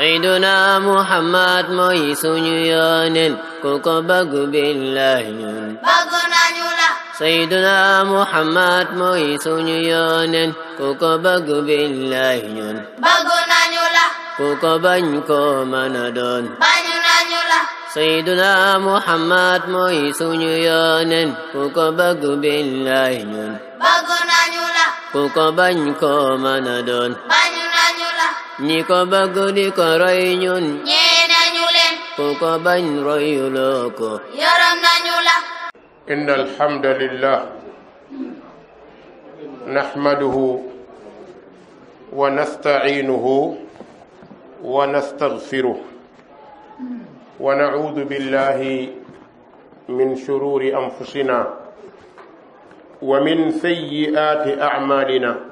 Seydina Muhammad mooy suñu yonent ku ko bëgg billahi ñun bëgg nañu la Seydina Muhammad mooy suñu yonent ku ñi ko bëgg di ko roy ñun ñee nañu leen ku ko bañ royuloo ko yaram nañu la إن الحمد لله نحمده ونستعينه ونستغفره ونعوذ بالله من شرور أنفسنا ومن سيئات أعمالنا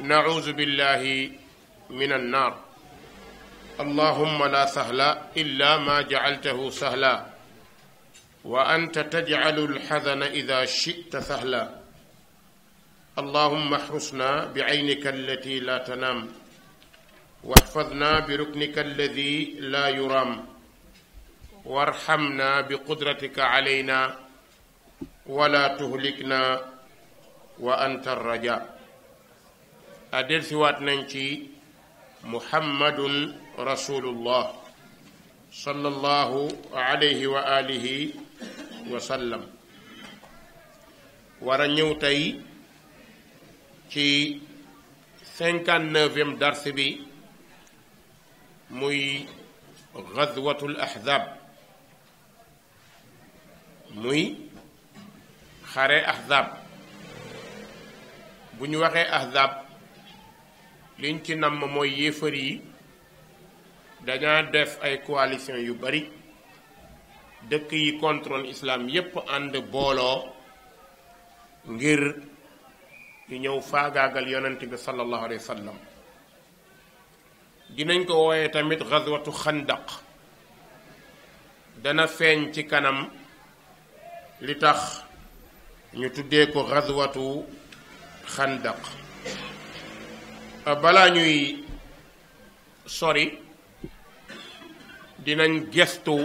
naudu billahi min annaar allahumma la sahla illa ma jacaltahu sahla wa anta tajcalu alxadana ida chita sahla allahumma xrusna bicaynika allati la tanaam waxfadna biruknika alladi la yuraam warxamna biqudratika calayna wala tuhlikna wa anta arraja delsiwaat nañ ci muhammadun rasulullah sallallahu alayhi wa alihi wa sallam war ñëw tey ci cinquante-neuvième dars bi muy gazwatul ahzab muy xare ahzab bu ñu waxee ahzab liñ ci namm mooy yéefar yi dañaa def ay coalition yu bari dëkk yi contrôle islaam yépp ànd booloo ngir ñu ñëw faagaagal yonent bi sallallahu alayhi wa dinañ ko wooyee tamit xazwatu xandaq dana feeñ ci kanam li tax ñu tuddee ko xazwatu xandaq Euh, balaa ñuy sori dinañ gestu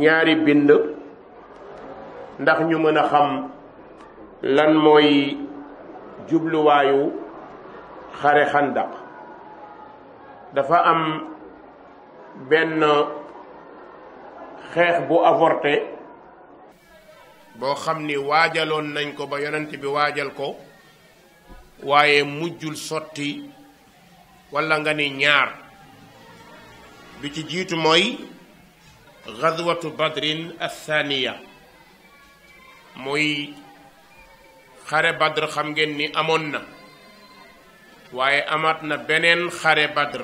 ñaari bind ndax ñu mën a xam lan mooy jubluwaayu xare xandaq dafa am benn xeex bu avorté boo xam ni waajaloon nañ ko ba yonent bi waajal ko waaye mujjul sotti walla nga ne ñaar bi ci jiitu mooy gazwatu badrin athaniya mooy xare badr xam ngeen ni amoon na waaye amaat na beneen xare badr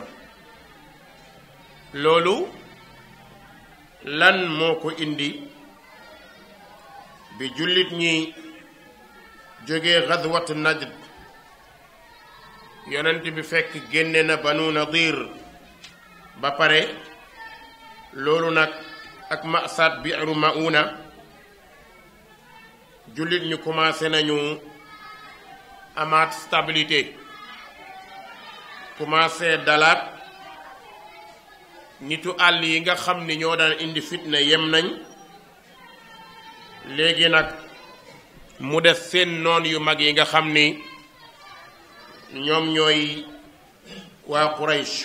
loolu lan moo ko indi bi jullit ñi jógee gazwatu najd yonent bi fekk génne na banu nadir ba pare loolu nag ak masaat biiru mauna jullit ñu commencé nañu amaat stabilité commencé dalaat nitu àll yi nga xam ni ñoo daan indi fitna yem nañ léegi nag mu def seen noon yu mag yi nga xam ni ñoom ñooy waa Quraysh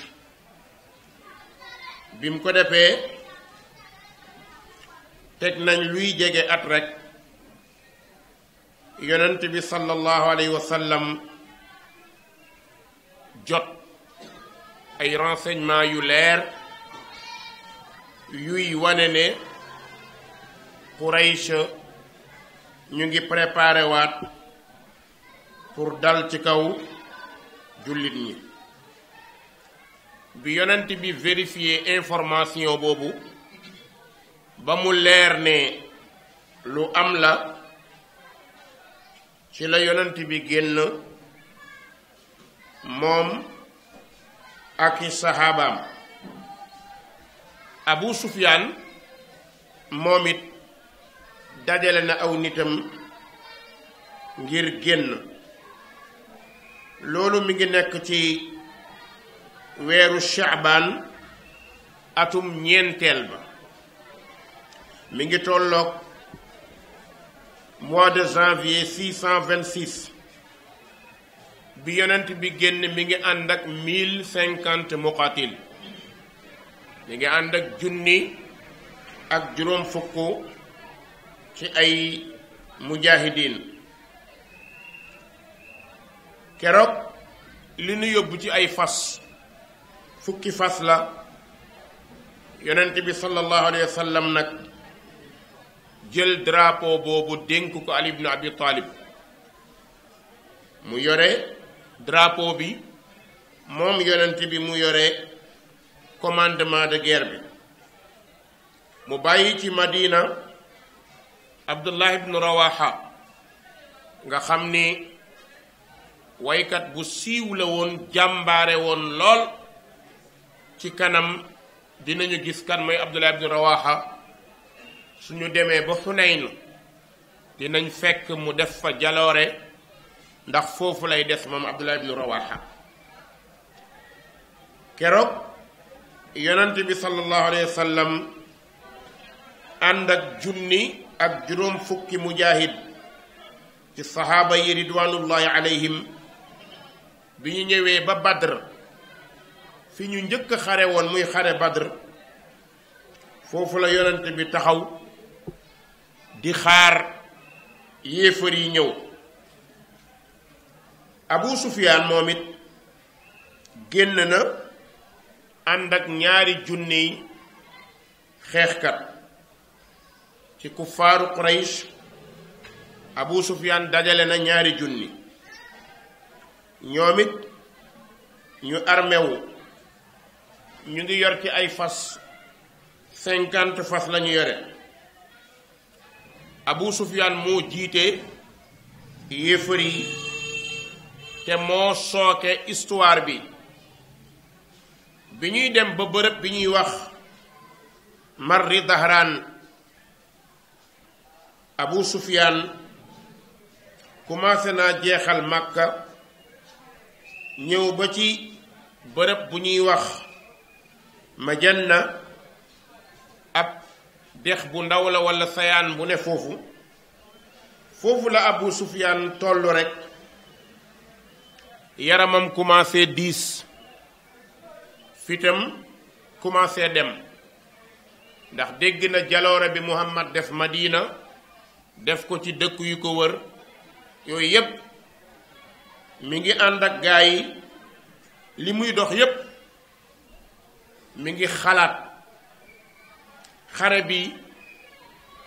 bi mu ko defee teg nañ luy jege at rek yonent bi sallallahu alayhi wa sallam jot ay renseignement yu leer yuy wane ne Quraysh ñu ngi préparé pour dal ci kaw jullit ñi bi yonent bi vérifier information boobu ba mu leer ne lu am la ci la yonent bi génn moom ak i saxaabaam abu sufyaan moom it dajale na aw nitam ngir génn loolu mi ngi nekk ci weeru shaabaan atum ñeenteel ba mi ngi tolloog mois de janvier 626 bi yonent bi génn mi ngi ànd ak 1050 muqatil mi ngi ànd ak junni ak juróom fukk ci ay mujahidin keroog li nu yóbbu ci ay fas fukki fas la yonent bi sallallahu alayhi wa nag jël drapo boobu dénk ko Ali ibn Abi mu yore drapo bi moom yonent bi mu yore commandement de guerre mu bàyyi ci Madina Abdullah ibn Rawaha nga xam ni waykat bu siiw la woon jàmbaare woon lool ci kanam dinañu gis kan mooy Abdullah ibn su ñu demee ba Xunayn dinañ fekk mu def fa jaloore ndax foofu lay des moom Abdullah ibn Rawaha keroog yonent bi sallallahu alayhi wa ànd ak junni ak juróom fukki mujaahid ci saxaaba yi ridwanullahi alayhim bi ñu ñëwee ba Badr fi ñu njëkk a xare woon muy xare Badr foofu la yonent bi taxaw di xaar yéefar yi ñëw Abu Sufyaan moom it génn na ànd ak ñaari junniy xeexkat ci kuffaaru Quraysh Abu Sufyaan dajale na ñaari junni ñoom it ñu armewu ñu ngi yor ci ay fas cinquante fas lañu yore Abu Sufyaan moo jiite yéefar yi te moo sooke histoire bi bi ñuy dem ba bërëb bi ñuy wax marri dahraan Abu Sufyaan commencé naa jeexal Màkka ñëw ba ci bërëb bu ñuy wax ma na ab dex bu ndaw la walla sayaan bu ne foofu foofu la Abu Sufyaan tollu rekk yaramam commencé diis fitam commencé dem ndax dégg na jaloore bi Muhammad def Madina def ko ci dëkk yu ko wër yooyu yépp mi ngi ànd ak gaa yi li muy dox yépp mi ngi xalaat xare bi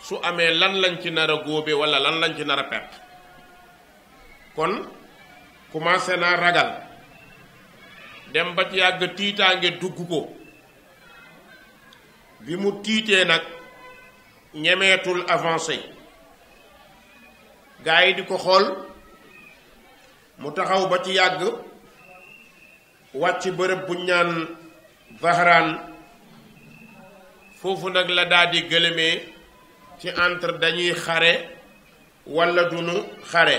su amee lan lañ ci nar a góobe wala lan lañ ci nar a perte kon commencé naa ragal dem ba ci yàgg tiitaange dugg ko bi mu tiitee nag ñemeetul avancé gaa yi di ko xool mu taxaw ba ci yàgg wàcc bërëb bu ñaan Zahraan foofu nag la daal di gëlëmee ci entre dañuy xare walla duñu xare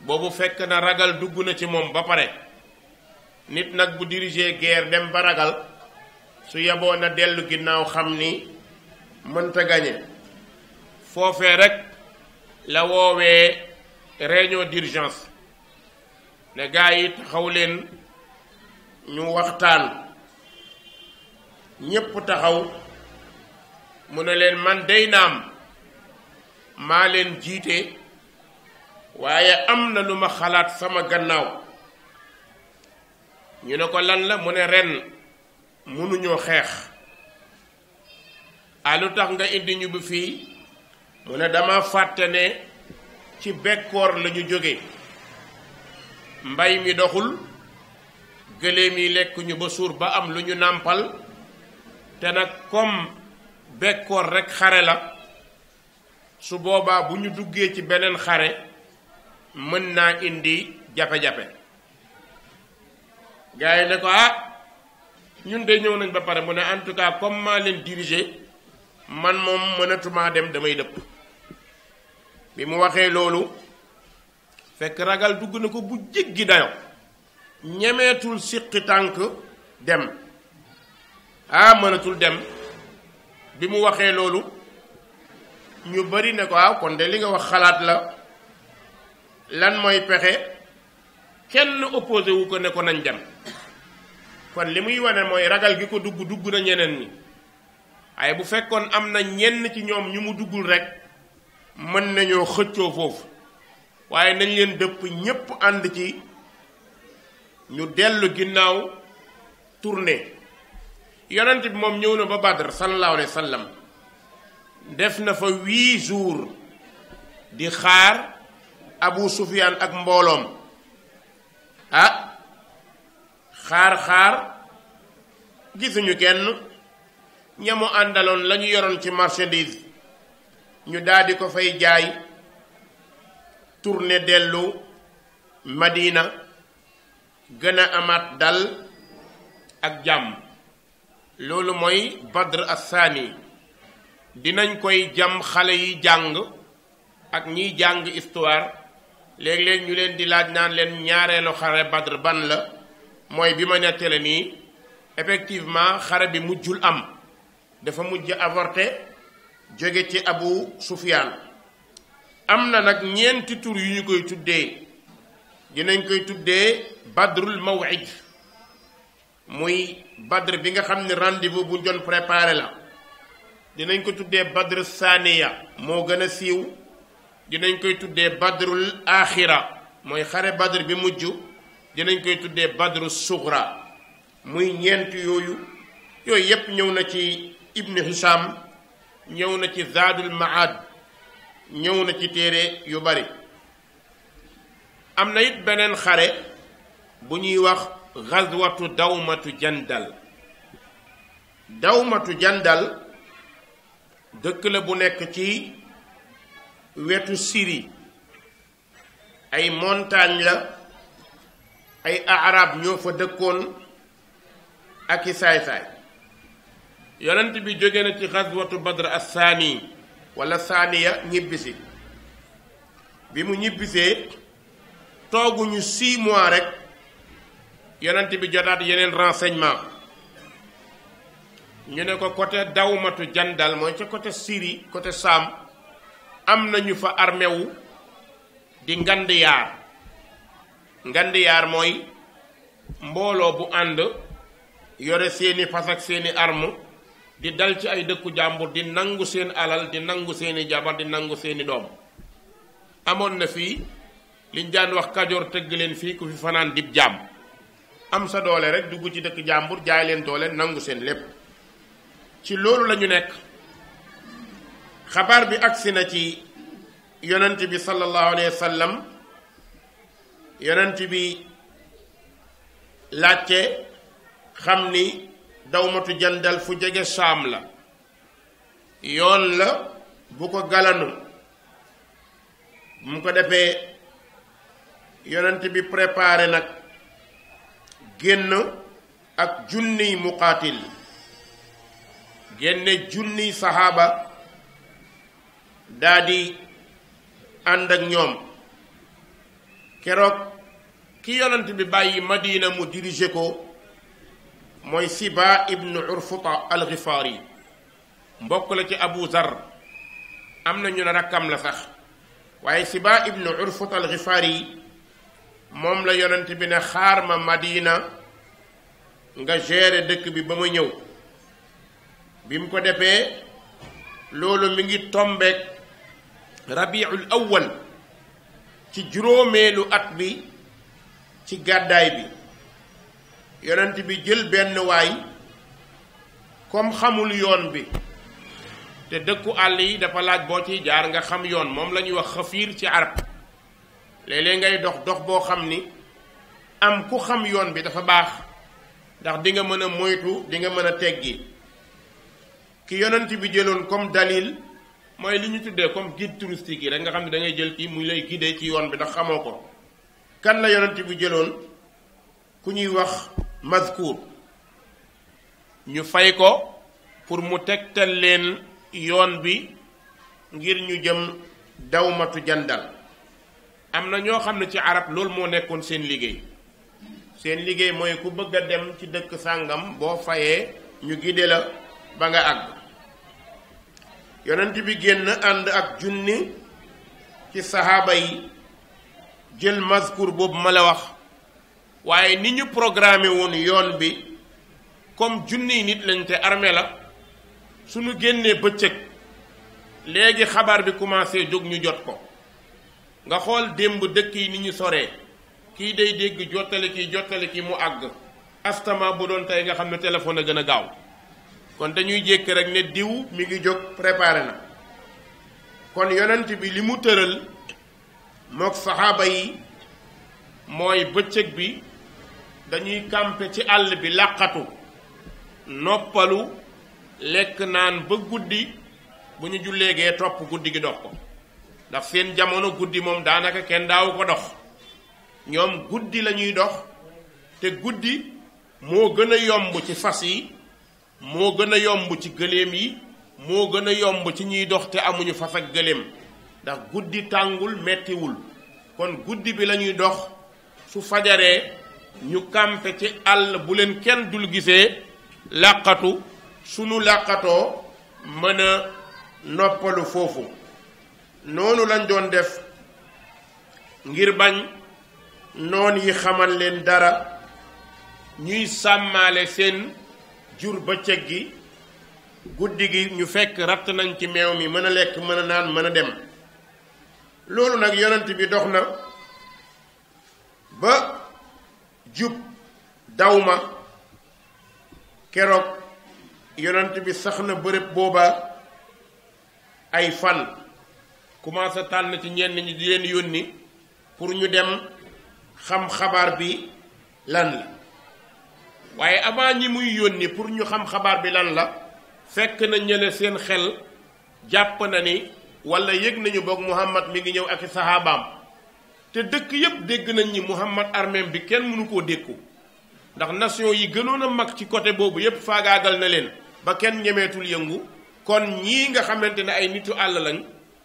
boobu fekk na ragal dugg na ci moom ba pare nit nag bu diriger guerre dem ba ragal su yeboo na dellu ginnaaw xam ni mënta gañe foofee rekk la woowee réunion dirigence ne gaa yi taxaw leen ñu waxtaan ñépp taxaw mu ne leen man dey day am maa leen jiite waaye am na lu ma xalaat sama gannaaw ñu ne ko lan la mu ne ren mënuñoo xeex a lu tax nga indi ñu fii mu ne dama fàtte ne ci bekkoor lañu jóge mbay mi doxul gëléem yi lekkuñu ba suur ba am lu ñu nàmpal te na kom bekkoor rekk xare la su boobaa bu ñu duggee ci beneen xare mën naa indi jafe-jafe gars ne ko ah ñun de ñëw nañ ba pare mu ne en tout cas maa leen diriger man moom mënatumaa dem damay dëpp bi mu waxee loolu fekk ragal dugg na ko bu jéggi dayo ñemeetul siqi tànk dem ah mënatul dem bi mu waxee loolu ñu bari ne ko waaw ah, kon de li nga wax xalaat la lan mooy pexe kenn opposé wu ko ne ko nañ dem kon li muy wane mooy ragal gi ko dugg dugg na ñeneen ñi waaye bu fekkoon am na ñenn ci ñoom ñu mu duggul rekk mën nañoo xëccoo foofu waaye nañ leen dëpp ñépp ànd ci ñu dellu ginnaaw tournée yonent moom ñëw na ba Badr sallallahu alayhi wa def na fa huit jour di xaar Abu Sufyaan ak mbooloom ah xaar-xaar gisuñu kenn ñamu àndaloon lañu ñu ci marchandise ñu daldi ko fay jaay tourné dellu Madina gën a amaat dal ak jàmm loolu mooy Badr Assani dinañ koy jàmm xale yi jàng ak ñiy jàng histoire léeg-léeg ñu leen di laaj naan leen ñaareelu xare Badr ban la mooy bi ma nettale nii effectivement xare bi mujjul am dafa mujj avorté jóge ci Abu Sufyaan am na nag ñeenti tur yu ñu koy tuddee dinañ koy tuddee badrul mawid muy badr bi nga xam ne rendez bu jon préparé la dinañ ko tuddee badr saaniya moo gën a siiw dinañ koy tuddee badrul axira mooy xare badr bi mujj dinañ koy tuddee badru sugra muy ñeent yooyu yooyu yépp ñëw na ci ibnu hisham ñëw na ci zaadul maad ñëw na ci téere yu bari am na it beneen xare bu ñuy wax xazwatu dawmatu jandal dëkk la bu nekk ci wetu siri ay montagne la ay arab ñoo fa dëkkoon ak i saay-saay yonent bi jóge na ci xazwatu badr assaani wala saaniya ñibbisi bi mu ñibbisee tooguñu six mois rek yonent bi jotaat yeneen renseignement ñu ne ko côté dawmatu jandal mooy ca côté Syrie côté Saam am nañu fa armée di ngandiyaar ngandiyaar mooy mbooloo bu ànd yore seeni fas ak seeni arme di dal ci ay dëkku jàmbur di nangu seen alal di nangu seeni jabar di nangu seeni doom amoon na fii liñ daan wax kajoor tëgg leen fii ku fi fanaan dib jaam am sa doole rek dugg ci dëkk jàmbur jaay leen doole nangu seen lépp ci loolu lañu nekk xabaar bi agsi na ci yonent bi sallallahu alayhi wa sallam yonent bi laajte xam ni dawmatu jandal fu jege saam la yoon la bu ko galanu mu ko defee yonent bi préparé nag génn ak junniy muqaatil génne junniy saxaaba daa ànd ak ñoom keroog ki yonent bi bàyyi Madina mu dirigé ko mooy siba ibnu urfuta alxifaari mbokk la ci abu zar am na ñu ne rakkam la sax waaye siba ibnu urfuta yi moom la yonent bi ne xaar ma madina nga gérer dëkk bi ba ma ñëw bi mu ko defee loolu mi ngi tombeek rabiul awwal ci juróomeelu at bi ci gàddaay bi yonent bi jël benn waay comme xamul yoon bi te dëkku àll yi dafa laaj boo ciy jaar nga xam yoon moom la ñuy wax xafiir ci arab léeg ngay dox dox boo xam ni am ku xam yoon bi dafa baax ndax di nga mën a moytu di nga mën a teg teggi ki yonent bi jëloon comme dalil mooy li ñu tuddee comme guide touristique yi rek nga xam ne dangay jël kii mu lay guidé ci yoon bi ndax xamoo ko kan la yonent bi jëloon ku ñuy wax mazkur ñu fay ko pour mu tegtal leen yoon bi ngir ñu jëm dawmatu jandal am na ñoo xam ne ci arab loolu moo nekkoon seen liggéey seen liggéey mooy ku bëgg a dem ci dëkk sàngam boo fayee ñu gide la ba nga àgg yonent bi génn ànd ak junni ci saxaaba yi jël mazkur boobu ma la wax waaye ni ñu programmé woon yoon bi comme junniy nit lañ te armée la suñu génnee bëccëg léegi xabaar bi commencé jóg ñu jot ko nga xool démb dëkk yi ni ñu soree kii day dégg jottali kii jottali kii mu àgg astama bu doon tey nga xam ne téléphone a gën a gaaw kon dañuy jékk rek ne diw mi ngi jóg préparé na kon yonent bi li mu tëral mook saxaaba yi mooy bëccëg bi dañuy kàmpe ci àll bi làqatu noppalu lekk naan ba guddi bu ñu julleegee topp guddi gi dox ko ndax seen jamono guddi moom daanaka kenn daawu ko dox ñoom guddi lañuy dox te guddi moo gën a yomb ci fas yi moo gën a yomb ci gëléem yi moo gën a yomb ci ñuy dox te amuñu fas ak gëléem ndax guddi tàngul mettiwul kon guddi bi lañuy dox su fajaree ñu kampe ci àll bu leen kenn dul gisee làqatu sunu làqatoo mën a noppalu foofu noonu lañ doon def ngir bañ noon yi xamal leen dara ñuy sàmmaale seen jur ba bëccëg gi guddi gi ñu fekk ratt nañ ci meew mi mën a lekk mën a naan mën a dem loolu nag yonent bi dox na ba jub daw ma keroog yonent bi sax na bërëb booba ay fan commencé tànn ci ñenn ñi di leen yónni pour ñu dem xam xabaar bi lan la waaye avant ñi muy yónni pour ñu xam xabaar bi lan la fekk na ñële seen xel jàpp na ni walla yëg nañu boog Muhammad mi ngi ñëw ak i saxaabaam te dëkk yépp dégg nañ ni Muhammad armeem bi kenn mënu koo dékku ndax nation yi gënoon a mag ci côté boobu yépp faagaagal na leen ba kenn ñemeetul yëngu kon ñii nga xamante ne ay nitu àll lañ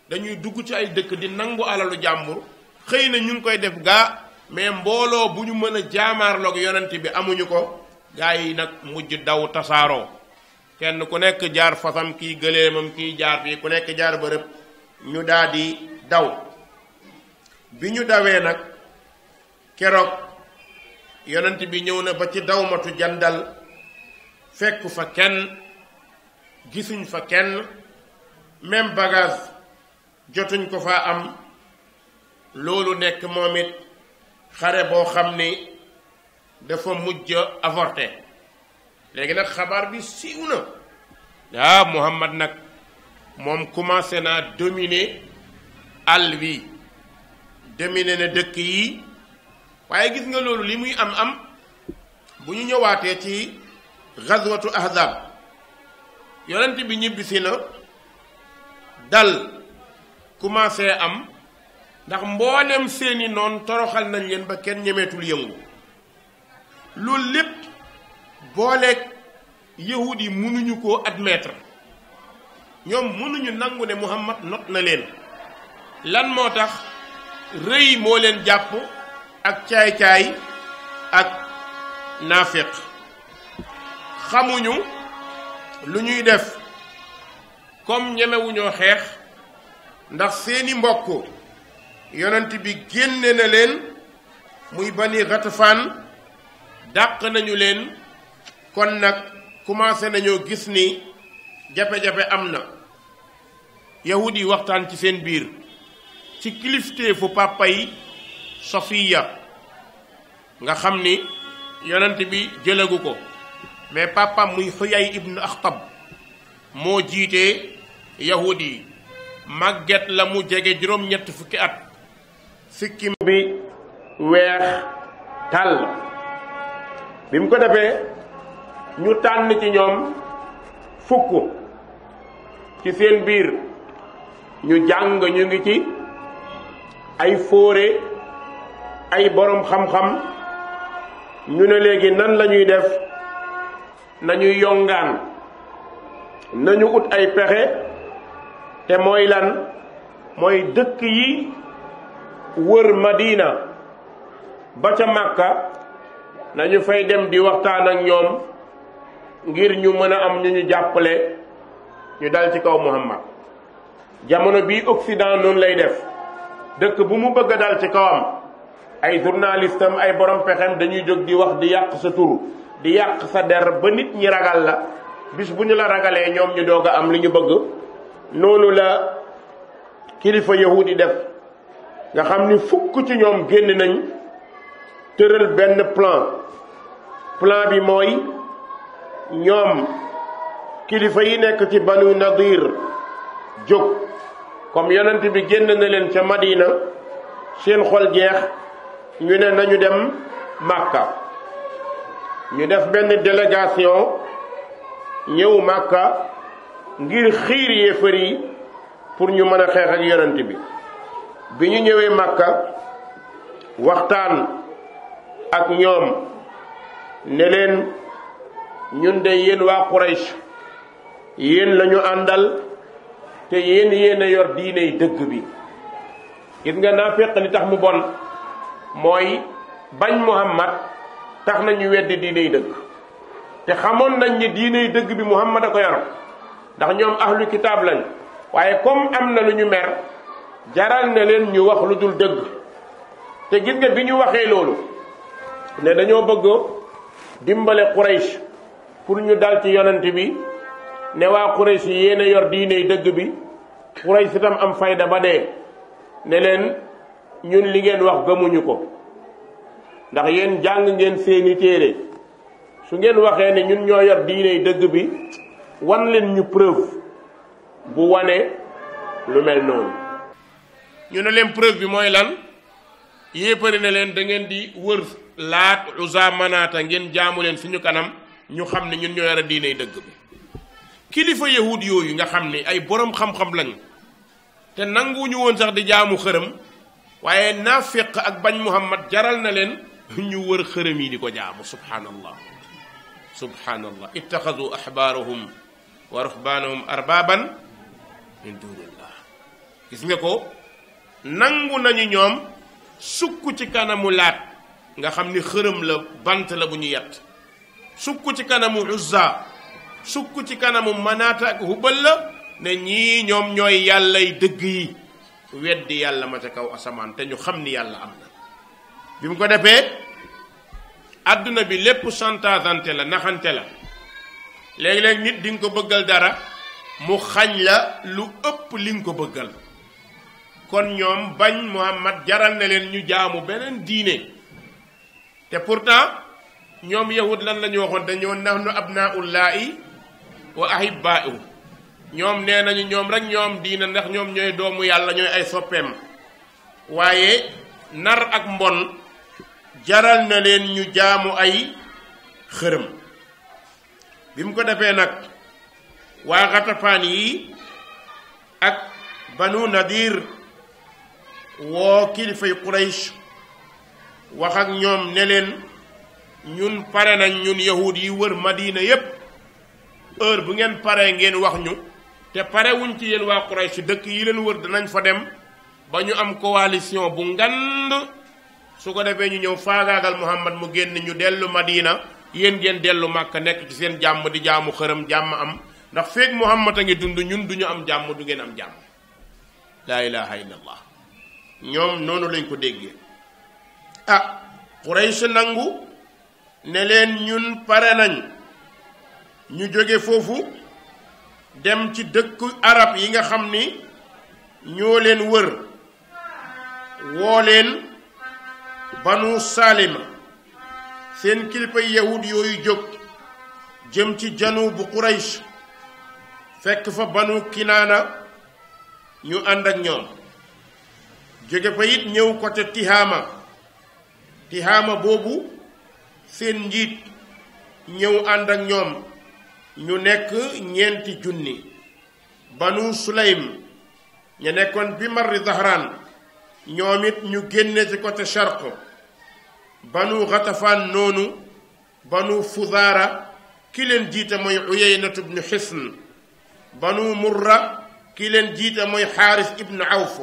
dañuy dugg ci ay dëkk di nangu alalu jàmbur xëy na ñu ngi koy def gaa mais mbooloo bu ñu mën a jaamaarloog yonent bi amuñu ko gaa yi nag mujj daw tasaaroo kenn ku nekk jaar fasam kii gëleemam kii jaar fii ku nekk jaar bërëb ñu daal di daw bi ñu dawee nag keroog yonent bi ñëw na ba ci dawmatu jandal fekku fa kenn gisuñ fa kenn même bagage jotuñ ko fa am loolu nekk moom it xare boo xam ni dafa mujj avorté léegi nag xabaar bi siiw na ah Muhammad nag moom commencé naa dominer àll bi demine na dëkk yi waaye gis nga loolu li muy am am bu ñu ñëwaatee ci gazwatu ahzab yonent bi ñibbisi na dal commencé am ndax mboolem seeni noon toroxal nañ leen ba kenn ñemeetul yëngu loolu lépp booleek yahud yi mënuñu koo admettre ñoom mënuñu nangu ne Muhammad not na leen lan moo tax rëy moo leen jàpp ak caay-caay ak naafiq xamuñu lu ñuy def comme ñemewuñoo xeex ndax seeni mbokk yonent bi génne na leen muy bani ratafaan dàq nañu leen kon nag commencé nañoo gis ni jafe-jafe am na yahud yi waxtaan ci seen biir ci kilifteefu papa yi Safiya nga xam ni yonent bi jëlagu ko mais papam muy Xuyay ibnu Axtab moo jiitee yahudi yi màgget la mu jege juróom-ñett fukki at sikkim bi weex tàll bi mu ko defee ñu tànn ci ñoom fukk ci seen biir ñu jàng ñu ngi ci ay fóore ay boroom xam-xam ñu ne léegi nan la ñuy def nañuy yongaan nañu ut ay pexe te mooy lan mooy dëkk yi wër Madina ba ca Màkka nañu fay dem di waxtaan ak ñoom ngir ñu mën a am ñu ñu jàppale ñu dal ci kaw Muhammad jamono bii Occident noonu lay def dëkk bu mu bëgg a dal ci kawam ay journaliste ay borom pexem dañuy jóg di wax di yàq sa tur di yàq sa der ba nit ñi ragal la bis bu ñu la ragalee ñoom ñu doog a am li ñu bëgg noonu la kilifa yahud yi def nga xam ni fukk ci ñoom génn nañu tëral benn plan plan bi mooy ñoom kilifa yi nekk ci banu nadir jóg comme yonent bi génn na leen ca Madina seen xol jeex ñu ne nañu dem Màkka ñu def benn délégation ñëw Màkka ngir xiir yéefar yi pour ñu mën a xeex ak yonent bi bi ñu ñëwee Màkka waxtaan ak ñoom ne leen ñun de yéen waa Quraysh yéen lañu àndal te yéen yéen a yor diiney dëgg bi gis nga naa naaféq li tax mu bon mooy bañ muhammad tax nañu weddi diiney dëgg te xamoon nañ ni diiney dëgg bi muhammad a ko yor ndax ñoom ahlu kitaab lañ waaye comme am na lu ñu mer jaral na leen ñu wax lu dul dëgg te gis nga bi ñu waxee loolu ne dañoo bëgg dimbale Quraysh pour ñu dal ci yonent bi ne waa Quraysh yéen a yor diine dëgg bi Quraysh itam am fayda ba dee ne leen ñun li ngeen wax gëmuñu ko ndax yéen jàng ngeen seeni téere su ngeen waxee ne ñun ñoo yor diine dëgg bi wan leen ñu preuve bu wane lu mel noonu ñu ne leen preuve bi mooy lan yéppari ne leen da ngeen di wër laat usa manaata ngeen jaamu leen suñu kanam ñu xam ne ñun ñoo yore diine dëgg bi kilifa yahud yooyu nga xam ni ay borom xam-xam lañu te nanguwuñu woon sax di jaamu xërëm waaye naaféq ak bañ muhammad jaral na leen ñu wër xërëm yi di ko jaamu subhaanallah subhaanallah ittaxadu ahbaarahum wa ruhbaanahum arbaaban min dunillah gis nga ko nangu nañu ñoom sukk ci kanamu laat nga xam ni xërëm la bant la bu ñu yett sukk ci kanamu uzza sukk ci kanamu manaata ak hubal la ne ñii ñoom ñooy yàllay dëgg yi weddi yàlla ma ca kaw asamaan te ñu xam ni yàlla am na bi mu ko defee àdduna bi lépp santaasante la naxante la léegi-léeg nit di nga ko bëggal dara mu xañ la lu ëpp li nga ko bëggal kon ñoom bañ Muhammad jaral na leen ñu jaamu beneen diine te pourtant ñoom yahud lan la ñu waxoon dañoo nahnu abnaullahi wa ahibbaa'u ñoom nee nañu ñoom rek ñoom diina ndax ñoom ñooy doomu yàlla ñooy ay soppeem waaye nar ak mbon jaral na leen ñu jaamu ay xërëm bi mu ko defee nag waa xatafaan yi ak banu nadir woo kilifay quraysh wax ak ñoom ne leen ñun pare nañ ñun yahud yi wër madina yépp heure bu ngeen paree ngeen wax ñu te pare wuñ ci yéen waa Quraysh dëkk yi leen wër danañ fa dem ba ñu am coalition bu ngand su ko defee ñu ñëw faagaagal Muhammad mu génn ñu dellu Madina yéen ngeen dellu Màkka nekk ci seen jàmm di jaamu xërëm jàmm am ndax feeg Muhammad a ngi dund ñun du ñu am jàmm du ngeen am jàmm laa ilaha illallah ñoom noonu lañ ko déggee ah Quraysh nangu ne leen ñun pare nañ ñu jóge foofu dem ci dëkku arab yi nga xam ni ñoo leen wër woo leen banu saalima seen kilifa yahud yooyu jóg jëm ci janu bu quraysh fekk fa banu kinaana ñu ànd ak ñoom jóge fa it ñëw côté tihaama tihaama boobu seen njiit ñëw ànd ak ñoom ñu nekk ñeenti junni banu sulaym ñu nekkoon bi marri zahraan ñoom it ñu génne ci côté charq banu xatafaan noonu banu fuzaara ki leen jiite mooy uyaynat ibnu xisn banu murra ki leen jiite mooy xaaris ibnu awf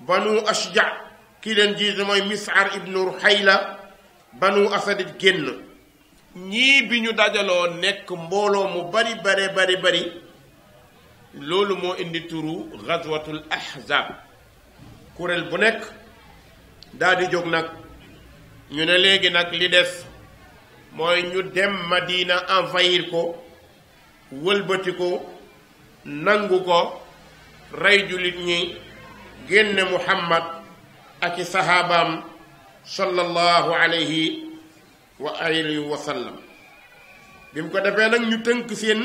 banu ashja ki leen jiite mooy misar ibnu ruxayla banu asadit génn ñii bi ñu dajaloo nekk mbooloo mu bari bari bari bari loolu moo indi turu ghazwatul ahzab kuréel bu nekk daldi jóg nag ñu ne léegi nag li des mooy ñu dem Madina envahir ko wëlbati ko nangu ko rey jullit ñi génne Muhammad ak i saxaabaam sallallahu alayhi wa alihi wa sallam bi mu ko defee nag ñu tënk seen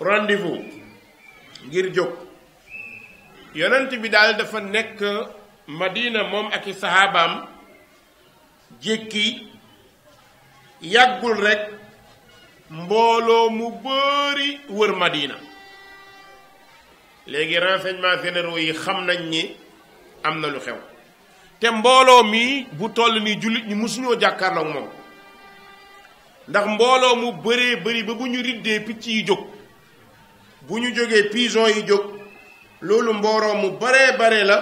rendez ngir jóg yonent bi daal dafa nekk madina moom ak i saxaabaam jékki yàggul rekk mbooloo mu bari wër madina léegi renseignements généraux yi xam nañ ni am na lu xew te mbooloo mi bu toll nii jullit ñi mësuñoo jàkkaarloog moom ndax mbooloo mu bëree bëri ba bu ñu riddee picc yi jóg bu ñu jógee pigeon yi jóg loolu mbooloo mu baree bare la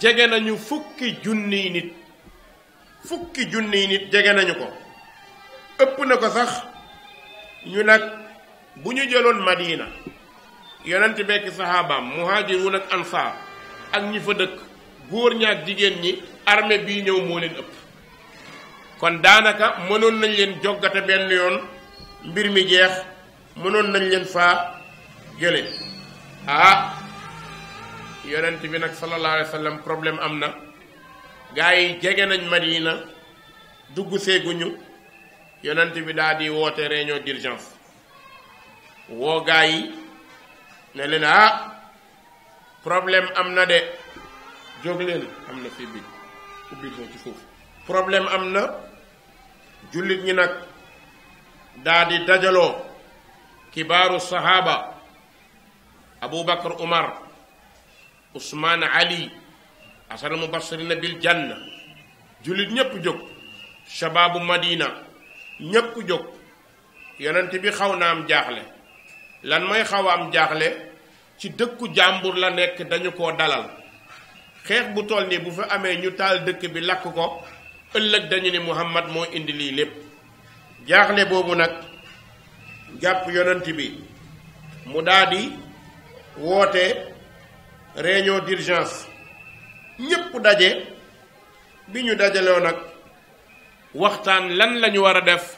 jege nañu fukki junniy nit fukki junniy nit jege nañu ko ëpp na ko sax ñu nag bu ñu jëloon Madina yonent bekk saxaabaam muhaajiruun ak ansaar ak ñi fa dëkk góor ñaak jigéen ñi armée bii ñëw moo leen ëpp kon daanaka mënoon nañ leen joggate benn yoon mbir mi jeex mënoon nañ leen faa jële ah yonent bi nag sallallahu alayhi wa sallam problème am na gaa yi jege nañ ma Madina dugg seeguñu yonent bi daal di woote réunion d'urgence woo gaa yi ne leen ah problème am na de jóg leen am na fii bi ubbil foofu problème am na jullit ñi nag daadi dajaloo kibaaru sahaaba aboubacar omar ousmaan ali asanal mubasirina bil janna jullit ñépp jóg shabaabu madina ñépp jóg yonent bi xaw na am jaaxle lan mooy xaw am jaaxle ci dëkku jàmbur la nekk dañu ko dalal xeex bu toll nii bu fi amee ñu taal dëkk bi lakk ko ëllëg dañu ne muhammad moo indi lii lépp jaaxle boobu nag jàpp yonent bi mu daldi woote réunion d'urgence ñépp daje bi ñu dajaloo nag waxtaan lan lañu war a def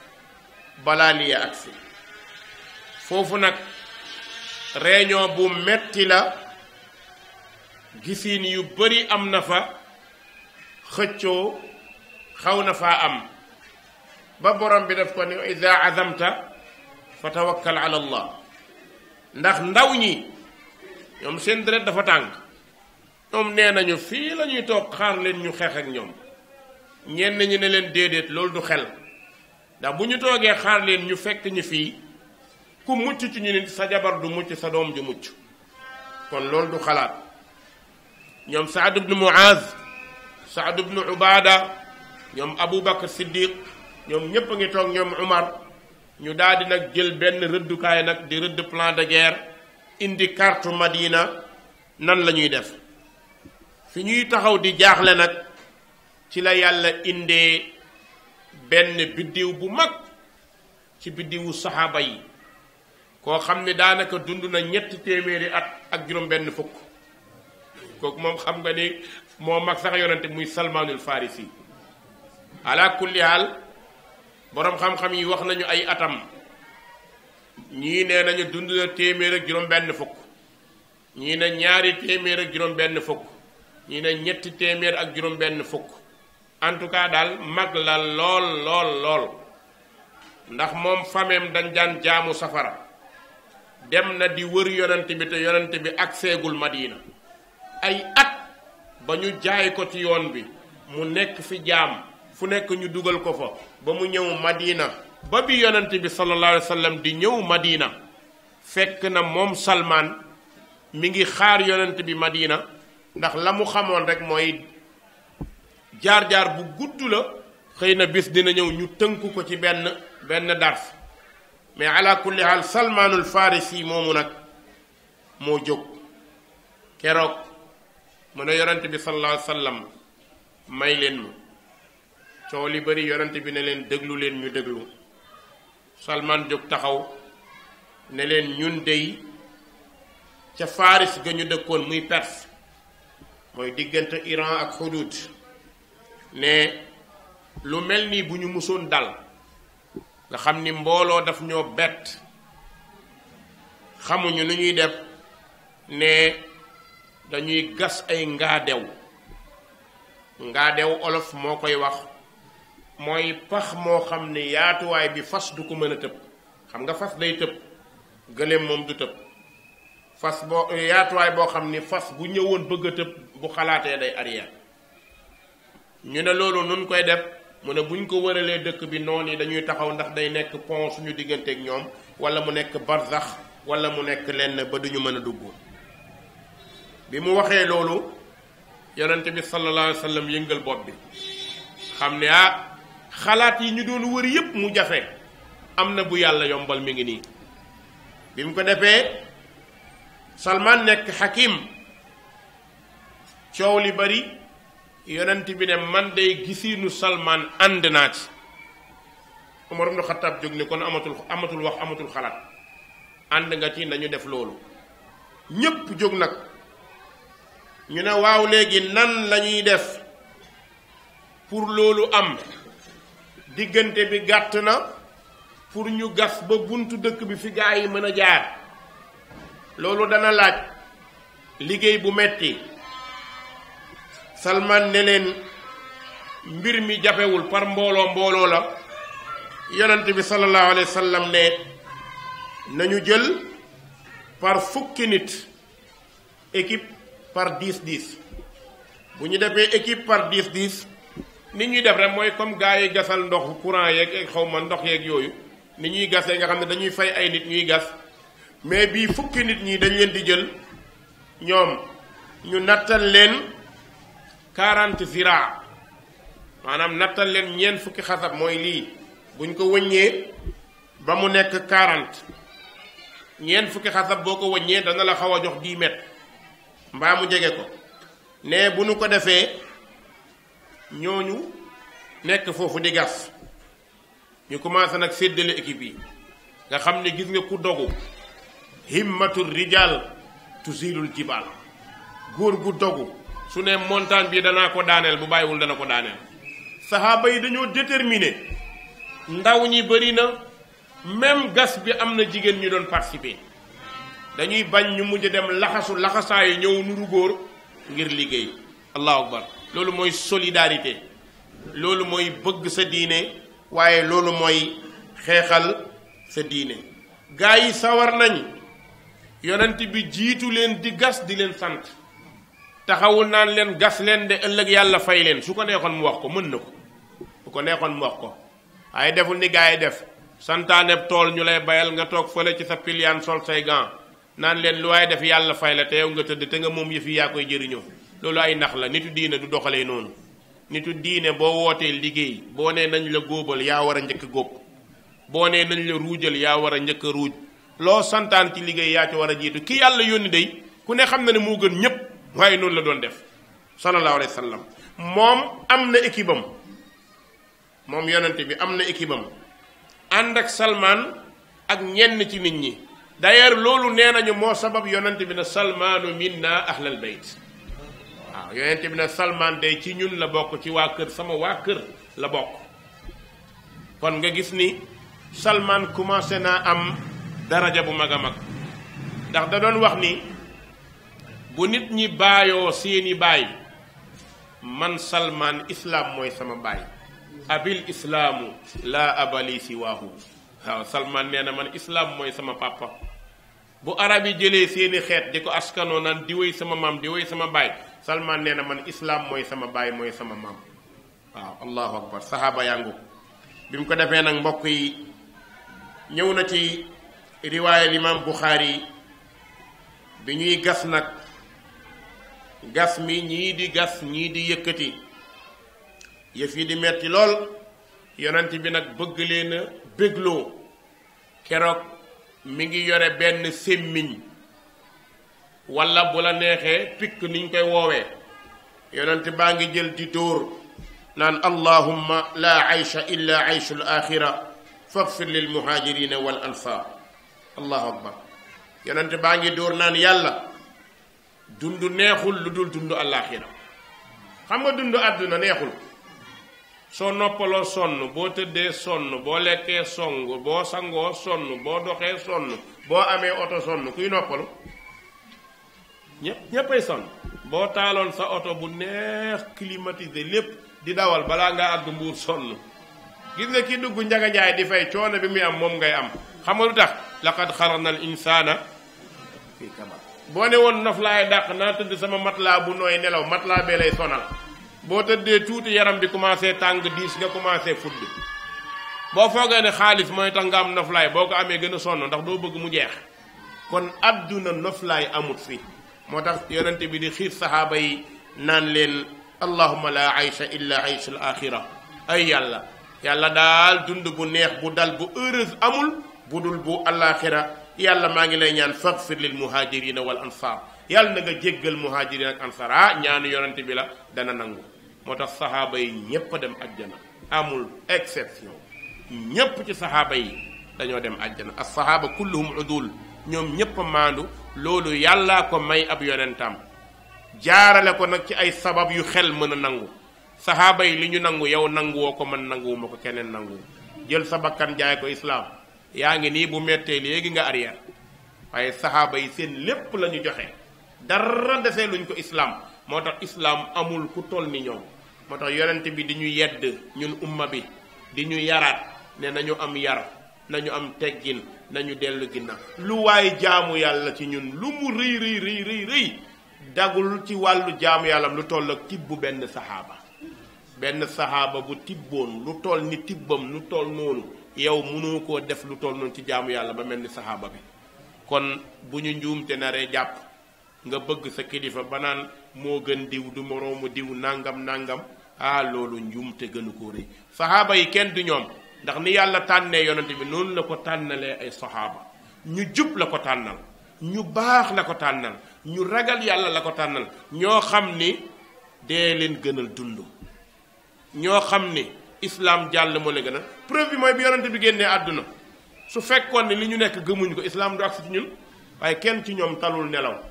balaa lii agsi foofu nag réunion bu metti la gisiin yu bari am na fa xëccoo xaw na faa am ba borom bi def ko ni ida azamta fa tawakkal ala ndax ndaw ñi ñoom seen deret dafa tàng ñoom nee nañu fii lañuy toog xaar leen ñu xeex ñoom ñenn ñi ne leen déedéet lool du xel ndax bu ñu toogee xaar leen ñu fekk ñu fii ku mucc ci ñu nit sa jabar du mucc sa doom ju mucc kon loolu du xalaat ñoom saad ibnu muaz saad ibnu ubaada ñoom Aboubacar Siddiq ñoom ñépp a ngi toog ñoom Umar ñu daldi nag jël benn rëddukaay nag di rëdd plan de guerre indi carte Madina nan la ñuy def fi ñuy taxaw di jaaxle nag ci la yàlla indee benn biddiw bu mag ci biddiwu saxaaba yi koo xam ne daanaka dund na ñetti téeméeri at ak juróom benn fukk kooku moom xam nga ni moo mag sax yonante muy salmaanul farisi ala kulli boroom xam-xam yi wax nañu ay atam ñii ne nañu dund na téeméer ak juróom-benn fukk ñii ne ñaari téeméer ak ne ñetti téeméer ak juróom-benn fukk en tout daal mag la lool lool lool ndax moom fameem dañ jaamu safara dem na di wër yonent bi te yonent bi ak seegul Madina ay at ba ñu jaay ko ci yoon bi mu nekk fi jaam fu nekk ñu dugal ko fa ba mu ñëw Madina ba bi yonent bi sallallahu alayhi sallam di ñëw Madina fekk na moom Salmaan mi ngi xaar yonent bi Madina ndax la mu xamoon rek mooy jaar-jaar bu gudd la xëy na bis dina ñëw ñu tënku ko ci benn benn dars mais ala kulli haal Salmaanul Farisi moomu nag moo jóg keroog mën ne yonent bi sallallahu alayhi wa sallam may leen ma coow li bari yonent bi ne leen déglu leen ñu déglu Salman jóg taxaw ne leen ñun dey ca Faris ga ñu dëkkoon muy Perse mooy diggante Iran ak xudud ne lu mel nii bu ñu musoon dal nga xam ni mbooloo daf ñoo bett xamuñu nu ñuy dem ne dañuy gas ay ngaadew ngaadew olof moo koy wax mooy pax moo xam ne yaatuwaay bi fas du ko mën a tëb xam nga fas day tëb gëléem moom du tëb fas boo yaatuwaay boo xam ni fas bu ñëwoon bëgg a tëb bu xalaatee day arrière ñu ne loolu nun koy def mu ne buñ ko wëralee dëkk bi noon yi dañuy taxaw ndax day nekk ponc suñu diggante ak ñoom wala mu nekk barzax wala mu nekk lenn ba duñu mën a dugg bi mu waxee loolu yonent bi sallallahu alayhi wa sallam yëngal bopp bi xam ne ah xalaat yi ñu doon wër yépp mu jafe am na bu yàlla yombal mi ngi nii bi mu ko defee salmaan nekk xakim coow li bari yonent bi ne man day gisiinu salmaan ànd naa ci Umar ibn Xattaab jóg ne kon amatul amatul wax amatul xalaat ànd nga ci nañu def loolu ñépp jóg nag ñu ne waaw léegi nan lañuy def pour loolu am diggante bi gàtt na pour ñu gas ba buntu dëkk bi fi gaa yi mën a jaar loolu dana laaj liggéey bu metti Salman ne leen mbir mi jafewul par mbooloo mbooloo la yonent bi sallallahu alayhi wa sallam ne nañu jël par fukki nit équipe par dix dix bu ñu defee équipe par dix dix nit ñuy def rek mooy comme gars yi gasal ndox courant yeeg xaw ma ndox yeeg yooyu nit ñuy gasee nga xam ne dañuy fay ay nit ñuy gas mais bii fukki nit ñi dañ leen di jël ñoom ñu nattal leen 40 zira maanaam nattal leen ñeent fukki xasab mooy lii buñ ko wëññee ba mu nekk 40 ñeent fukki xasab boo ko wëññee dana la xaw a jox 10 mbaa mu jege ko ne bu nu ko defee. ñooñu nekk foofu di gas ñu commencé nag séddale équipe yi nga xam ne gis nga ku dogu himmatu rijal tusilul jibaal góor gu dogu su ne montagne bi danaa ko daaneel bu bàyyiwul dana ko daaneel saxaaba yi dañoo déterminé ndaw ñi bëri na même gas bi am na jigéen ñu doon participer dañuy bañ ñu mujj dem laxasu laxasaayu ñëw nuru góor ngir liggéey allahu akbar loolu mooy solidarité loolu mooy bëgg sa diine waaye loolu mooy xeexal sa diine gaa yi sawar nañ yonent bi jiitu leen di gas di leen sant taxawul naan leen gas leen de ëllëg yàlla fay leen su ko neexoon mu wax ko mën na ko su ko neexoon mu wax ko waaye deful ni gaa yi def santaaneb tool ñu lay bayal nga toog fële ci sa piliyaan sol say gant naan leen lu waaye def yàlla fay la te yow nga tëdd te nga moom yëf yi yaa koy jëriñoo loolu ay nax la nit diine du doxalee noonu nitu diine boo wootee liggéey boo nee nañu la góobal yaa war a njëkk góob boo nee nañ la ruujal yaa war a njëkk a ruuj loo santaan ci liggéey yaa ci war a jiitu ki yàlla yónni day ku ne xam na ne moo gën ñépp waaye noonu la doon def sallallahu alayhi wa moom am na équipe moom yonente bi am na équipe am ànd ak salmaan ak ñenn ci nit ñi dayar loolu nee nañu moo sabab yonente bi na salmaanu minna ahlal bayt waaw yonent bi na salmaan day ci ñun la bokk ci waa kër sama waa kër la bokk kon nga gis ni salmaan commencé naa am daraja bu mag a mag ndax da doon wax ni bu nit ñi baayoo seeni baay man salmaan islaam mooy sama baay abil islaamu laa abali si waaw Salman nee na man islaam mooy sama papa bu arab yi jëlee seeni xeet di ko askanoo naan di woy sama maam di woy sama baay Salman nee na man islaam mooy sama baay mooy sama maam waaw allahu akbar sahaaba yangu bi mu ko defee nag mbokk yi ñëw na ci riwaayal imaam Buxaari bi ñuy gas nag gas mi ñii di gas ñii di yëkkati yëf yi di metti lool yonent bi nag bëgg leen bégloo keroog mi ngi yore benn sémmiñ walla bu la neexee pikk niñ koy woowee yonent baa ngi jël di dóor naan allahumma laa aysha illa ayshu l axira faghfir lil muhajirina wal ansar allahu akbar yonent baa ngi dóor naan yàlla dund neexul lu dul dund alaaxira xam nga dund àdduna neexul soo noppaloo sonn boo tëddee sonn boo lekkee song boo sangoo sonn boo doxee sonn boo amee oto sonn kuy noppalu ñépp ñéppay sonn boo taaloon sa oto bu neex climatisé lépp di dawal balaa ngaa àgg mbuur sonn gis nga ki dugg njaga njaay di fay coono bi muy am moom ngay am xam nga lu tax laqad xarana al insaana fii boo ne woon noflaay dàq naa tëdd sama mat laa bu nooy nelaw mat matelas bee lay sonal boo tëddee tuuti yaram bi commencé tàng diis nga commencé fudd boo foogee ne xaalis mooy tax nga am noflaay boo ko amee gën a sonn ndax doo bëgg mu jeex kon adduna noflaay amut fi moo tax yonente bi di xiir saxaaba yi naan leen allahuma la aycha illa aycha al axira ay yàlla yàlla daal dund bu neex bu dal bu heureuse amul bu dul bu alaxira yàlla maa ngi lay ñaan faghfir lil muhajirina wal ansar yàlla na nga jéggal muhaajiriin ak ansara ñaanu yonente bi la dana nangu moo tax saxaaba yi ñépp a dem ajjana amul exception ñépp ci saxaaba yi dañoo dem ajjana as saxaaba kulluhum udul ñoom ñépp a maandu loolu yàllaa ko may ab yonentam jaarale ko nag ci ay sabab yu xel mën a nangu saxaaba yi li ñu nangu yow nanguwoo ko man nanguwuma ko keneen nangu jël sa bakkan jaay ko islaam yaa ngi nii bu mettee léegi nga arrière waaye saxaaba yi seen lépp lañu ñu joxe dara desee luñ ko islaam moo tax islaam amul ku toll ni ñoom moo tax yonent bi di ñu yedd ñun umma bi di ñu yaraat ne nañu am yar nañu am teggin nañu dellu ginnaaw lu waay jaamu yàlla ci ñun lu mu rëy rëy rëy rëy ci wàllu jaamu yàllam lu toll ak tibb benn saxaaba benn saxaaba bu tibboon lu toll ni tibbam lu toll noonu yow mënu koo def lu toll noonu ci jaamu yàlla ba mel ni saxaaba bi kon bu ñu njuumte naree jàpp nga bëgg sa kilifa banaan moo gën diw du moroomu diw nangam nangam ah loolu njuumte gënu ko rëy saxaaba yi kenn du ñoom ndax ni yàlla tànnee yonante bi noonu la ko tànnalee ay saxaaba ñu jub la ko tànnal ñu baax la ko tànnal ñu ragal yàlla la ko tànnal ñoo xam ni dee leen gënal dund ñoo xam ni islaam jàll moo leen gënal preuve bi mooy bi yonante bi génnee àdduna su fekkoon ni li ñu nekk gëmuñ ko islaam du agsi ci ñun waaye kenn ci ñoom talul nelaw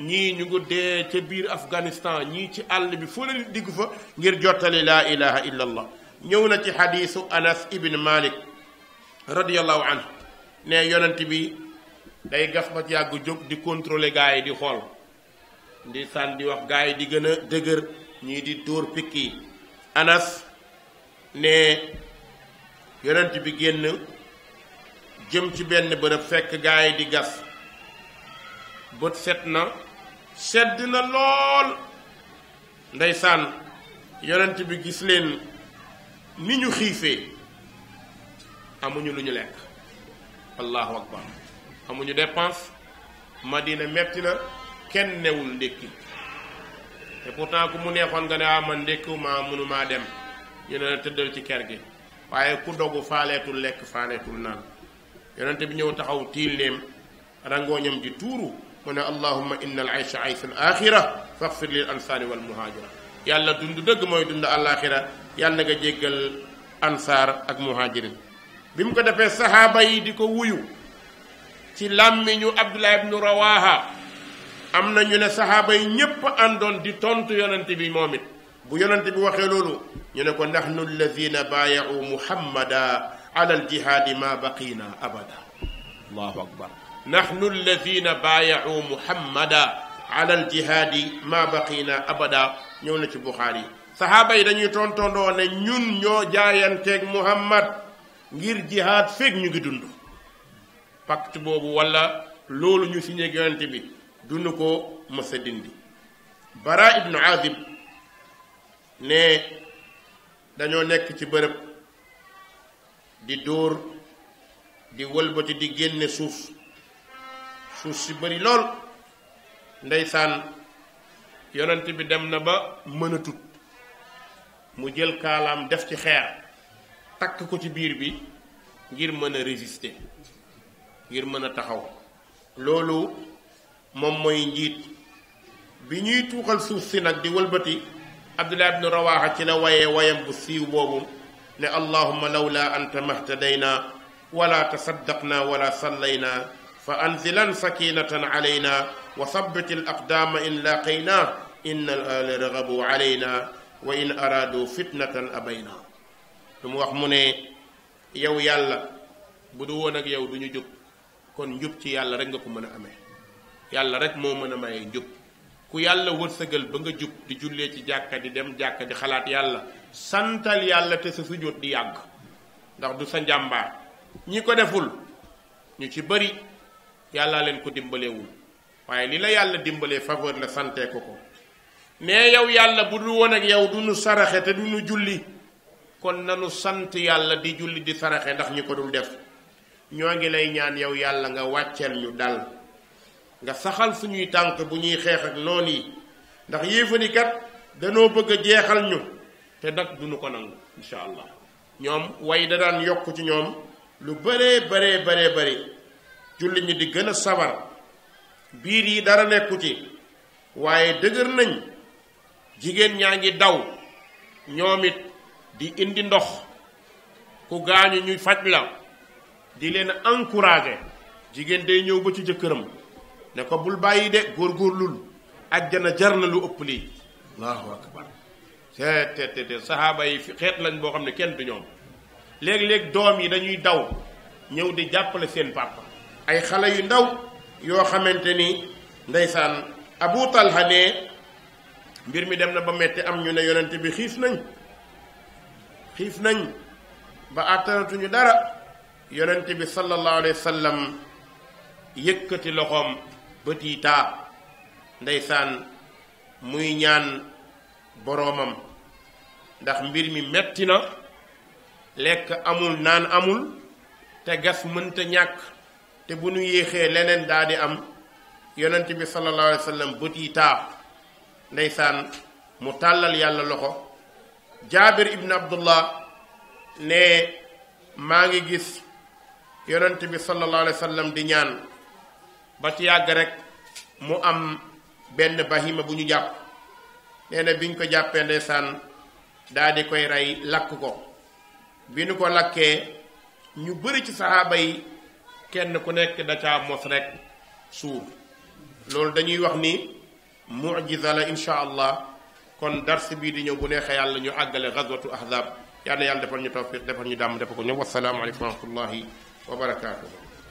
ñii ñu ngi dee ca biir Afghanistan ñii ci àll bi fu la nit diggu fa ngir jottali laa ilaha illa allah ñëw na ci xadiisu Anas ibn Malik radiallahu anhu ne yonent bi day gas ba yàgg jóg di contrôler gars yi di xool di sàn di wax gars yi di gën a dëgër ñii di tuur pikk yi Anas ne yonent bi génn jëm ci benn bërëb fekk gars yi di gas bët set na sedd na lool ndeysaan yonent bi gis leen ni ñu xiifee amuñu lu ñu lekk allahu akbar amuñu dépense madina metti na kenn newul ndékki te pourtant ku mu neexoon nga ne ah man ndékkiwuma mënumaa dem ñu ne la tëddal ci ker gi waaye ku dogu faaleetul lekk faaleetul naan yonent bi ñëw taxaw tiil neem rangooñam ji tuuru mu ne allahumma inna al aycha aysu al axira faxfir lil ansaari wal muhaajira yàlla dund dëgg mooy dund alaxira yàlla na nga jéggal ansaar ak muhaajirin bi mu ko defee saxaaba yi di ko wuyu ci làmmiñu abdullah ibnu rawaha am na ñu ne saxaaba yi ñépp andon di tontu yonent bi moom it bu yonent bi waxee loolu ñu ne ko nahnu alladina baayaru muhammada ala aljihaadi ma akbar nahnu alladina baayacu muhammada ala aljihaadi maa abada ñëw na ci buxaari yi sahaaba yi dañuy tontondoo ne ñun ñoo jaayanteeg muhammad ngir jihaad feeg ñu ngi dund pacte boobu walla loolu ñu si yonente bi dunu ko mësa dindi bara ibnu azib ne dañoo nekk ci bërëb di dóor di wëlbati di génne suuf suuf si bari lool ndeysaan yonent bi dem na ba mënatut mu jël kaalaam def ci xeer takk ko ci biir bi ngir mën a résister ngir mën a taxaw loolu moom mooy njiit bi ñuy tuuxal suuf si nag di wëlbati abdullah ibnu rawaha ci la wayee wayam bu siiw boobu ne allahuma lawla anta mahtadayna wala tasaddaqna wala sallayna فأنزلن سكينة علينا وثبت الأقدام إن لاقينا إن الآل رغبوا علينا وإن أرادوا فتنة أبينا lu mu wax mu ne yow yàlla bu du woon ak yow du ñu jub kon njub ci yàlla rek nga ko mën a amee yàlla rek moo mën a maye njub ku yàlla wërsëgal ba nga jub di jullee ci jàkka di dem jàkka di xalaat yàlla santal yàlla te sa sujjóot di yàgg ndax du sa njàmbaar ñi ko deful ñu ci bari yàllaa leen ko dimbalewul waaye li la yàlla dimbalee faveur la santee ko ko mais yow yàlla bu dul woon ak yow duñu saraxe te du julli kon nanu sant yàlla di julli di saraxe ndax ñi ko dul def ñoo ngi lay ñaan yow yàlla nga wàcceel ñu dal nga saxal suñuy tànk bu ñuy xeex ak noon yi ndax yéefani kat danoo bëgg a jeexal ñu te nag duñu ko nangu incha allah ñoom way da daan yokk ci ñoom lu bëree bëree bëree bëri jullit ñi di gën a sabar biir yi dara nekku ci waaye dëgër nañ jigéen ñaa ngi daw ñoom it di indi ndox ku gaañu ñu faj la di leen encouragé jigéen day ñëw ba ci jëkkëram ne ko bul bàyyi de góorgóorlul ajjana jar na lu ëpp lii allahu akbar teet teet teet saxaaba yi fi xeet lañ boo xam ne kenn du ñoom léeg-léeg doom yi dañuy daw ñëw di jàppale seen papa ay xale yu ndaw yoo xamante ni ndeysaan abu talha ne mbir mi dem na ba metti am ñu ne yonent bi xiif nañ xiif nañ ba àttanatuñu dara yonent bi sallallahu alayhi wa sallam yëkkati loxoom bëtiitaa ndeysaan muy ñaan boromam ndax mbir mi metti na lekk amul naan amul te gas mënta ñàkk te bu nu yéexee leneen daa am yonent bi sallallahu alayhi wa sallam bët yi taa ndeysaan mu tàllal yàlla loxo jaabir ibn abdullah ne maa ngi gis yonent bi sallallahu alayhi wa di ñaan ba ci yàgg rekk mu am benn bahima bu ñu jàpp nee na bi ñu ko jàppee ndeysaan daa di koy rey lakk ko bi nu ko lakkee ñu bëri ci saxaaba yi kenn ku nekk da caa mos rek suur loolu dañuy wax ni mujiza la incha allah kon dars bii di ñëw bu neexee yàlla ñu àggale gazwatu ahzab yàlla yàlla defal ñu tawfiq defal ñu dàmm def ko ñoom wasalaamualeykum wa rahmatullahi wa barakaatuhu